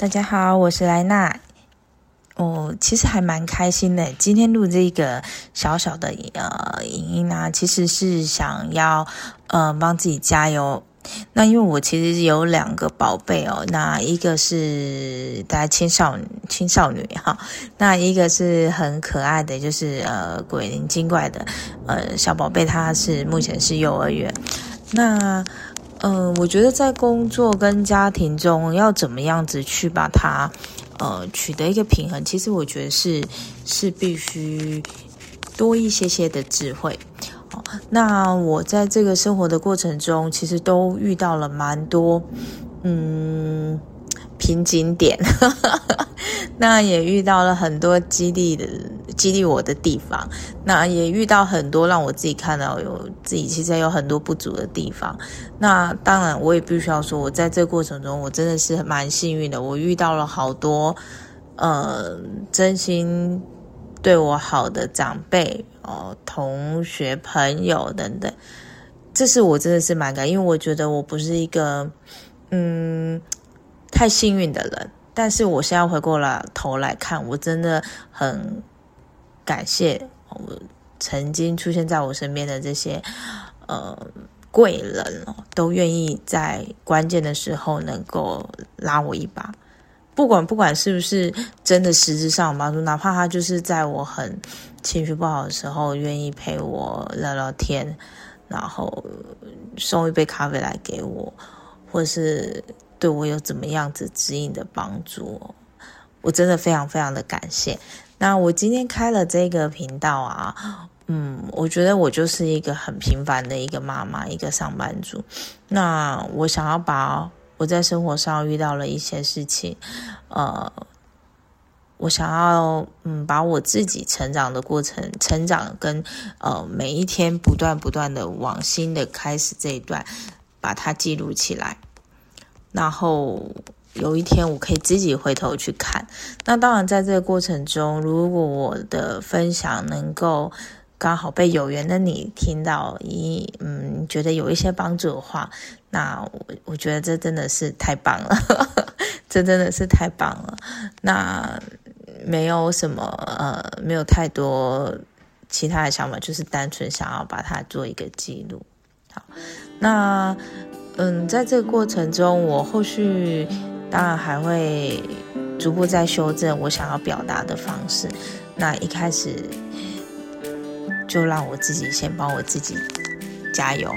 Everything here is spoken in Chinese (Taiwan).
大家好，我是萊娜。我、哦、其實還蠻開心的，今天錄這個小小的呃影音啊，其實是想要呃幫自己加油。那因為我其實有兩個寶貝哦，那一個是大家青少女青少女哈、哦，那一個是很可愛的，就是呃鬼靈精怪的呃小寶貝，她是目前是幼兒園。那嗯，我覺得在工作跟家庭中要怎麼樣子去把它，呃，取得一個平衡，其實我覺得是是必須多一些些的智慧。哦，那我在這個生活的過程中，其實都遇到了蠻多，嗯，瓶頸點， 那也遇到了很多激勵的激勵我的地方，那也遇到很多讓我自己看到有自己其實有很多不足的地方。那當然，我也必須要說，我在這過程中，我真的是蠻幸運的，我遇到了好多嗯、呃，真心對我好的長輩哦、同學、朋友等等，這是我真的是蠻感，因為我覺得我不是一個嗯。太幸運的人，但是我現在回過了頭來看，我真的很感謝我曾經出現在我身邊的這些呃貴人哦，都願意在關鍵的時候能夠拉我一把，不管不管是不是真的實質上幫助，哪怕他就是在我很情緒不好的時候，願意陪我聊聊天，然後送一杯咖啡來給我，或是。對我有怎麼樣子指引的幫助我，我真的非常非常的感謝。那我今天開了這個頻道啊，嗯，我覺得我就是一個很平凡的一個媽媽，一個上班族。那我想要把我在生活上遇到了一些事情，呃，我想要嗯把我自己成長的過程，成長跟呃每一天不斷不斷的往新的開始這一段，把它記錄起來。然後有一天我可以自己回頭去看。那當然，在這個過程中，如果我的分享能夠剛好被有緣的你聽到，你嗯，你覺得有一些幫助的話，那我我覺得這真的是太棒了， 這真的是太棒了。那沒有什麼呃，沒有太多其他的想法，就是單純想要把它做一個記錄。好，那。嗯，在這個過程中，我後續當然還會逐步再修正我想要表達的方式。那一開始，就讓我自己先幫我自己加油。